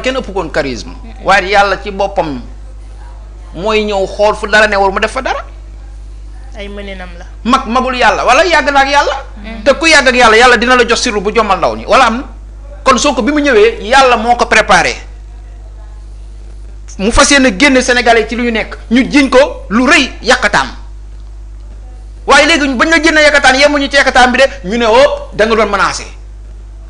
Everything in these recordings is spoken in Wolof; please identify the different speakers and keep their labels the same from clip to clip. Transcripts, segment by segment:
Speaker 1: Wade kenn ëpp koon charisme waaye yàlla ci boppam mooy ñëw xool fu dara ne war mu def fa dara
Speaker 2: ay mëninam la
Speaker 1: mag magul yàlla wala yàgg na ak yàlla mm. te ku yàgg ak yàlla yàlla dina la jox sirru bu jommal ndaw ñi wala am na kon soo ko bi mu ñëwee yàlla moo ko préparé mu fas yéene génn sénégalais ci lu nekk ñu jiñ ko lu rëy yàqataan waaye léegi bañ la génne yàqataan yemuñu ci yàqataan bi de ñu ne oh danga doon menacé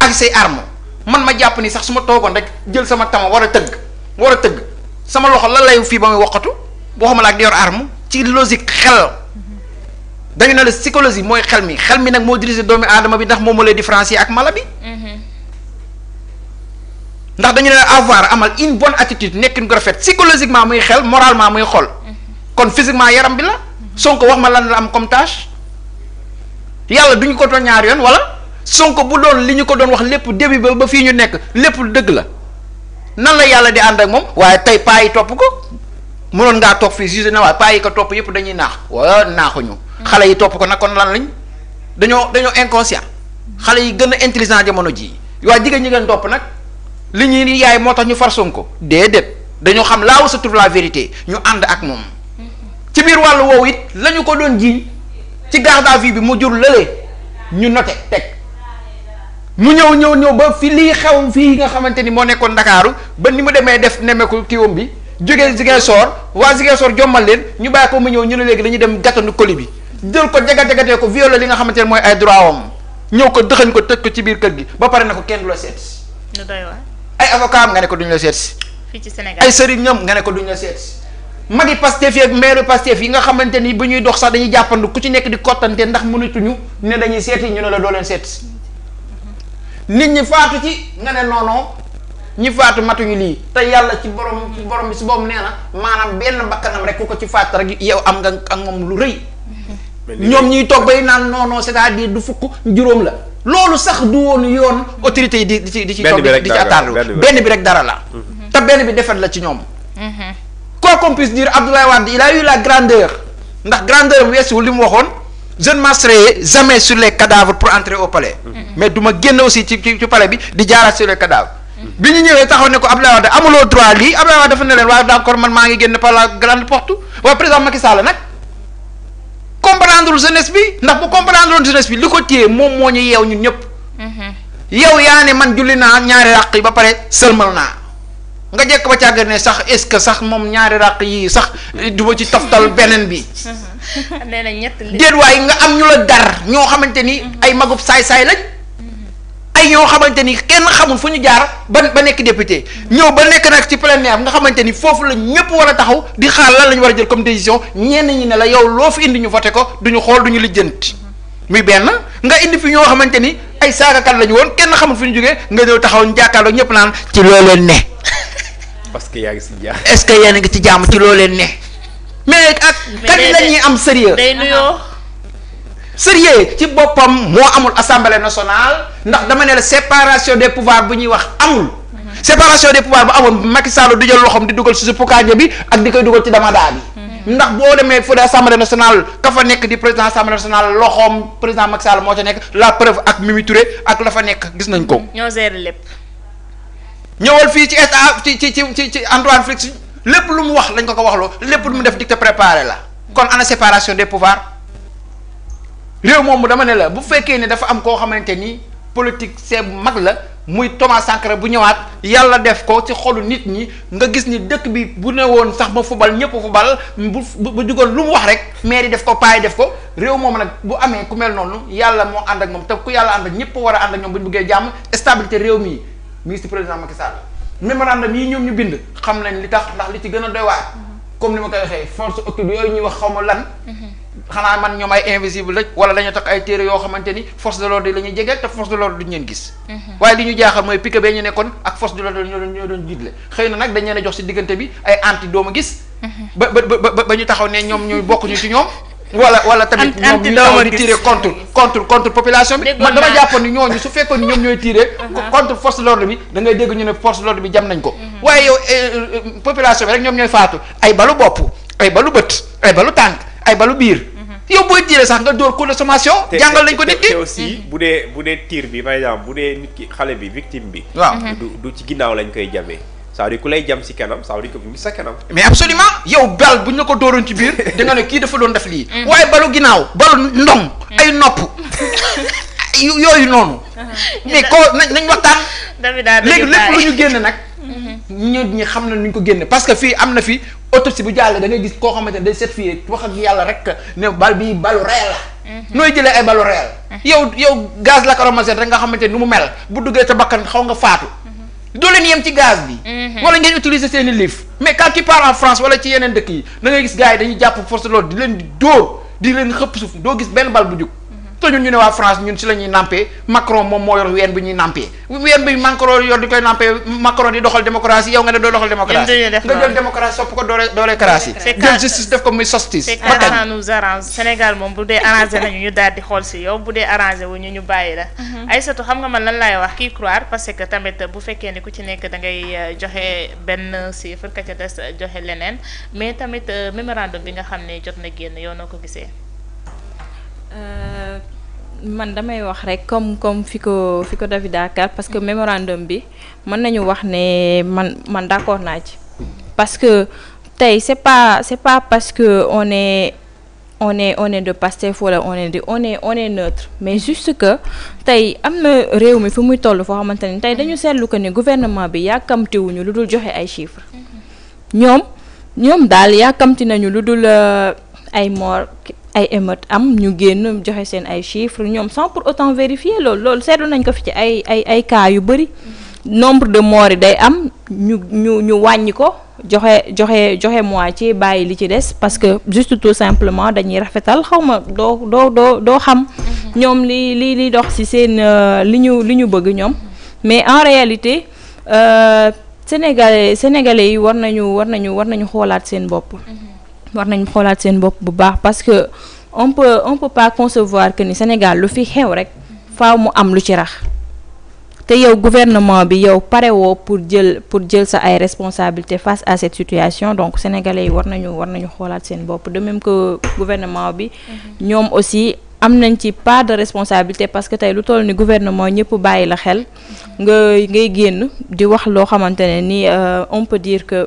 Speaker 1: ak say armes man ma jàpp ni sax suma ma toogoon jël sama tama war a tëgg war a tëgg sama loxo la layu fii ba muy waxatu boo xam la ak di yor arme ci logique xel dañu ne la psychologie mooy xel mi xel mi nag moo dirigé doomi aadama bi ndax moom moo lay différencier ak mala bi. Mhm. ndax dañu ne avoir amal une bonne attitude nekkin ko rafet psychologiquement muy xel moralement muy xol mhm. kon physiquement yaram bi la mhm. Sonko wax ma lan la am comme yàlla duñu ko tooñ ñaar yoon wala. Sonko bu doon li ñu ko doon wax lépp début ba ba fii ñu nekk lépp dëgg la nan la yàlla di ànd ak moom waaye tey paa yi topp ko mënoon ngaa toog fii jugé na waaye paa yi ko topp yëpp dañuy naax wala naaxuñu. Mm. xale yi topp ko nag kon lan lañu dañoo dañoo inconscient xale yi gën a intelligent jamono jii waaye jigéen ñi ngeen topp nag li ñuy yaay moo tax ñu far Sonko déedéet dañoo xam là où se trouve la vérité ñu ànd ak moom
Speaker 2: mm-hmm.
Speaker 1: ci biir wàllu woowu it lañu ko doon jiiñ ci garde à bi mu jur lële ñu noté teg. mu ñëw ñëw ñëw ba fi lii xew fii nga xamante ni moo nekkoon Ndakaaru ba ni mu demee def nemeeku kiwam bi jógee Ziguinchor waa Ziguinchor jommal leen ñu bàyyi ko ñëw ñu ne dañuy dem gàttanu colis bi jël ko jaga-jagatee ko violé li nga xamante ne mooy ay droit ñëw ko dëxañ ko tëj ko ci biir kër gi ba pare na ko kenn du seet si ay avocat am nga ne ko duñu la seet si fii ci Sénégal ay sëriñ nga ne ko duñu la seet si magi Pastef ak maire Pastef yi nga xamante ni bu ñuy dox sax dañuy jàppandi ku ci nekk di kottante ndax mënatuñu ne dañuy seet ñu ne la doo leen seet nit ñi faatu ci nga ne noonu ñi faatu matuñu lii te yàlla ci borom borom bi si boobu nee na maanaam benn bakkanam rek ku ko ci faatu rek yow am nga ak moom lu rëy. ñoom ñuy toog bay naan noonu cest à du fukk juróom la. loolu sax du woon yoon autorité yi di di ci di ci toog di ci attardé benn bi rek dara la. Mhm. te benn bi defet la ci ñoom. Mhm. quoi qu'on puisse dire Abdoulaye Wade a eu grandeur ndax grandeur weesu li mu waxoon. jeune ne m'asseoir jamais sur les cadavres pour entrer au palais. Mm-hmm. mais du ma génn aussi ci ci palais bi di jaaraat sur les cadavres. bi ñu ñëwee taxaw ne ko Abdoulaye Wade amuloo droit lii a Wade dafa ne leen waaye d'accord man maa ngi génn par la grande porte waaye président Macky Sall nag comprendre jeunesse bi ndax bu comprendre jeunesse bi li ko téye moom moo ñu yeew ñun ñëpp. Mm-hmm. yow yaa ne man julli naa ñaari ràq yi ba pare sëlmal naa. nga jekk ba càgg ne sax est-ce que sax moom ñaari ràq yii sax du ma ci toftal beneen bi.
Speaker 2: Mm-hmm. nee na ñett déet waaye nga
Speaker 1: am ñu la dar ñoo xamante ni. Mhm. ay magub saay-saay lañ. Mhm. ay ñoo xamante ni kenn xamul fu ñu jaar ba ba nekk député mhm. ñëw ba nekk nag ci plénière nga xamante ni foofu la ñëpp war a taxaw di xaar lan la ñu war a jël comme décision ñenn ñi ne la yow loo fi indi ñu voté ko duñu xool du duñu lijjanti muy benn nga indi fi ñoo xamante ni ay saagakat lañu woon kenn xamul fu ñu jógee nga ñëw taxaw ñu jàkkaarloo ñëpp naan ci loo leen ne. parce que yaa ngi ce que yéen ngi ci jàmm ci loo leen ne. mais ak kan la ñuy am sérieux day nuyoo sérieux ci boppam moo amul assemblée nationale ndax dama ne la séparation des pouvoirs bu ñuy wax amul séparation de pouvoirs bu amoon Macky Sall du jël loxoom di dugal si si pukaaje bi ak di koy dugal ci damadaa bi ndax boo demee fu de assemblée nationale ka fa nekk di président assemblée nationale loxoom président Macky Sall moo ca nekk la preuve ak Mimi Touré ak la fa nekk gis nañ ko. ñoo lépp. ñëwal fii ci état ci ci ci ci Antoine Félix lépp lu mu wax lañ ko ko waxloo lépp lu mu def dicté préparé la kon ana séparation des pouvoirs réew moomu dama ne la bu fekkee ne dafa am koo xamante ni politique c'est mag la muy Thomas Sankara bu ñëwaat yàlla def ko ci xolu nit ñi nga gis ni dëkk bi bu ne woon sax ba fubal ñëpp fubal bu bu jugoon lu mu wax rek maire yi def ko paa def ko réew moom nag bu amee ku mel noonu yàlla moo ànd ak moom te ku yàlla ànd ak ñëpp war a ànd ak ñoom bu ñu bëggee jàmm stabilité réew mi ministre président Macky Sall mémorandum yi ñoom ñu bind xam nañ li tax ndax li ci gën a doy waar mm-hmm. comme ni ma koy waxee force occulte yooyu ñuy wax xaw ma lan mm-hmm. xanaa man ñoom ay invisible lañ wala dañoo tax ay téere yoo xamante ni force de l'ordre yi la ñuy jegeel te force de l'ordre duñu leen gis mm-hmm. waaye li ñu jaaxal mooy pique bee ñu nekkoon ak force de l'ordre ñoo doon ñoo doon jiitle xëy na nag dañ leen a jox si diggante bi ay anti dooma gis ba ba ba ba ñu taxaw ne ñoom ñooy bokk ñu ci ñoom wala wala tamit ñoom ñu taw di tirer contre population bi man dama jàppoon ni ñooñu su fekkoon ni ñoom ñooy tirer uh-huh. contre force de l'ordre bi da ngay dégg ñu ne force de bi jam nañ ko uh-huh. waaye yow eh, eh, population bi rek ñoom ñooy faatu ay balu bopp ay balu bët ay balu tànk ay balu biir uh-huh. yow booy tiire sax nga door coup de sommation. jàngal nañ ko nit ki aussi mm-hmm.
Speaker 3: bu dee bu dee tiir bi par exemple bu dee nit ki xale bi victime bi. waaw mm-hmm. du du ci ginnaaw lañ koy jamee. ça ko dire lay jam si kanam ça veut mu sa kanam.
Speaker 1: mais absolument yow bal bu ñu la ko dooroon ci biir da nga ne kii dafa doon def lii. Mm. waaye balu ginnaaw balu ndong mm. ay nopp yooyu noonu.
Speaker 2: Uh-huh. mais ko nañ waxtaan. léegi lépp lu ñu génn nag. Mm-hmm.
Speaker 1: ñun ñi xam na nu ñu ko génne parce que fii am na fi autopsie bu jàll da ngay gis koo xamante ne day certifié wax ak yàlla rek ne bal bii balu réel la.
Speaker 2: Mm-hmm. nooy ay balu réel.
Speaker 1: Mm-hmm. yow yow gaz lacrymogène rek nga xamante ni mu mel bu duggee ca bàkkan xaw nga faatu. doo leen yem ci gaz bi.
Speaker 2: Mhm. wala ngeen
Speaker 1: utiliser seen i livre mais quand tu en France wala ci yeneen dëkk yi da ngay gis gars yi dañuy jàpp force de l'ordre di leen di dóor di leen xëpp suuf doo gis benn bal bu jóg. te ñu ne waa France ñun si la ñuy nampé Macron moom moo yor ween bi ñuy nampé ween bi Macron yor di koy nampé Macron di doxal démocratie yow nga ne doo doxal démocratie nga jël démocratie sopp ko doole doole cratie
Speaker 2: jël moom bu dee arrangé nañu ñu daal di xool si yow bu dee arrangé wu ñu ñu bàyyi la mhm. Aïssatou xam nga man lan laay wax kii croire parce que tamit bu fekkee ni ku ci nekk da ngay euh, joxe benn chiffre ka des euh, joxe leneen mais tamit euh, mémorandum bi nga xam ne jot na génn yow noo ko gisee
Speaker 4: man damay wax rek comme comme fi ko fi ko David Dakar parce que mémorandum bi mën nañu wax ne man man d'accord naa ci parce que tey c'est pas c'est pas parce que on est on est on est de Pastef wala on est de on est on est neutre mais juste que tey am na réew mi fu muy toll foo xamante ni tey dañu seetlu que ni gouvernement bi yàkkamtiwuñu lu dul joxe ay chiffres mm-hmm. ñoom ñoom daal yàkkamti nañu lu dul euh, ay mort ay émeute am ñu génn joxe seen ay chiffres ñoom sans pour autant vérifier loolu loolu seetlu nañ ko fi ci ay ay ay cas yu bëri nombre de morts yi day am ñu ñu ñu wàññi ko joxe joxe joxe ci bàyyi li ci des parce que juste tout simplement dañuy rafetal xawma doo doo doo doo xam mhm. ñoom li li li dox ci seen euh, li ñu li ñu bëgg ñoom mais en réalité euh, sénégalais sénégalais yi war nañu war nañu war nañu xoolaat seen bopp mhm. war nañ xoolaat seen bopp bu baax parce que on peut on peut pas concevoir que ni Sénégal lu fi xew rek faaw mu am lu ci rax te yow gouvernement bi yow parewoo pour jël pour jël sa ay responsabilité face à cette situation donc sénégalais yi war nañu war nañu xoolaat seen bopp de même que gouvernement bi mhm. ñoom aussi am nañ ci part de responsabilité parce que tey lu toll ni gouvernement ñëpp bàyyi la xel mhm. nga ngay génn di wax loo xamante ne ni euh, on peut dire que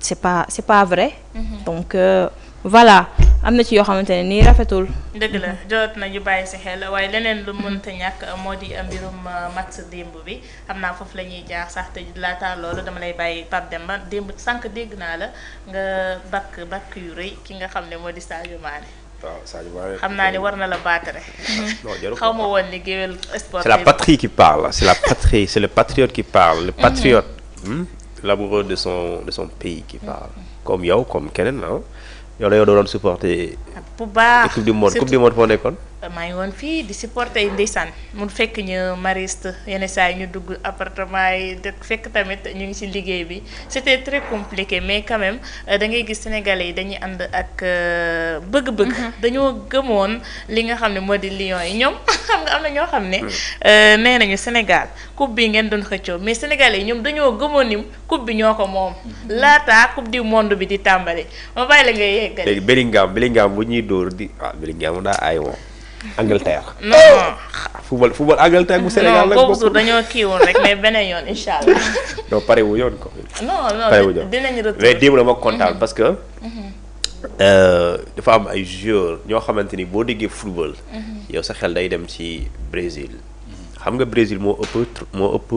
Speaker 4: c'est pas c'est pas vrai. Mm-hmm. donc euh, voilà am na ci yoo xamante ne nii rafetul.
Speaker 2: dëgg la jot ñu bàyyi si xel waaye leneen lu mënta ñàkk moo di euh, mbirum euh, match démb bi xam naa foofu la ñuy jaar sax te laataa loolu dama lay bàyyi dem Demba démb sànq dégg naa la nga bakk bakk yu rëy ki nga xam ne moo di Sadio Mané.
Speaker 3: waaw Sadio Mané xam naa ne war
Speaker 2: na la baatare. Mm-hmm. xaw ma woon ni géwél sport. c'est la patrie
Speaker 3: qui parle c'est la patrie c'est le patriote qui parle le mm-hmm. patriote. Hmm? l'amoureux de son de son pays qui parle comme yow comme keneen ah yow la yow doo doon supporter. Ah,
Speaker 2: bu baax coupe du monde coupe nekkoon. maa ngi woon fii di supporter yi ndeysaan mun fekk ñu mariste yenn saa yi ñu dugg appartement yi fekk tamit ñu ngi ci liggéey bi c'était très compliqué mais quand même euh, da ngay gis sénégalais yi dañuy ànd ak euh, bëgg-bëgg. Mm-hmm. dañoo gëmoon li nga xam ne moo di Lions yi ñoom xam nga am na ñoo xam ne. Euh, nee nañu Sénégal coupe bi ngeen doon xëccoo mais sénégalais yi ñoom dañoo gëmoon ni coupe bi ñoo ko moom. Mm-hmm. laata coupe du monde bi di tàmbali ma bàyyi la ngay yeggali. léegi
Speaker 3: Bellingham Bellingham bu ñuy dóor di ah Bellingham Angleterre. non football football Angleterre bu Sénégal. non boobu
Speaker 2: dañoo kii rek mais beneen yoon incha allah.
Speaker 3: non pare wu yoon ko.
Speaker 2: non non dinañ retour mais démb dama kontaan mhm. parce que. Mhm.
Speaker 3: Euh, dafa am ay joueurs ñoo xamante ni boo déggee football. Mhm. yow sa xel day dem ci Brésil. xam nga Brésil moo ëpp moo ëpp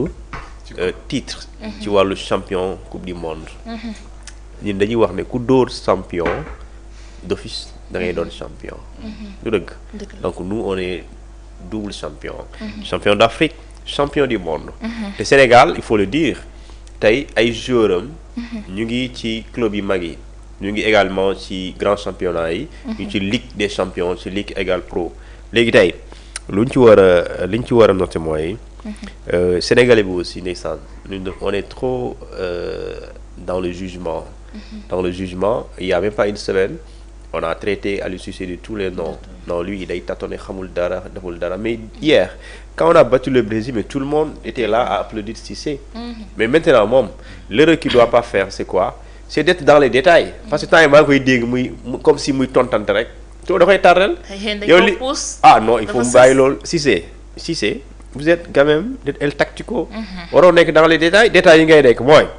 Speaker 3: euh, titre. ci wàllu champion coupe du monde. ñun dañuy wax ne ku dóor champion. d'office da ngay doon champion. Mhm. du dëgg donc nous on est double champion. Mhm. champion d'Afrique champion du monde. Mhm. te Sénégal il faut le dire tey ay joueurs ñu ngi ci club yu mag yi. ñu ngi également ci grand championnat yi. ñu ci ligue des champions ci ligue égale pro. léegi tey ñu ci war a liñ ci war a noter mooy. Euh, sénégalais bi aussi ndeysaan ñun on est trop euh, dans le jugement. dans le jugement il y a pas une semaine. on a traité Aliou Cissé de tous les noms non lui day tâtonner xamul dara deful dara mais hier quand on a battu le Brésil mais tout le monde était là à applaudir Cissé mhm. mais maintenant moom l'erreur qu'il doit pas faire c'est quoi c'est d'être dans les détails parce que temps yi maa ngi koy dégg muy comme si muy tontante rek to da koy tardel yow li ah non il faut mu bàyyi loolu Cissé Cissé vous êtes quand même el tactico mhm. waroo nekk dans les détails détails yi ngay nekk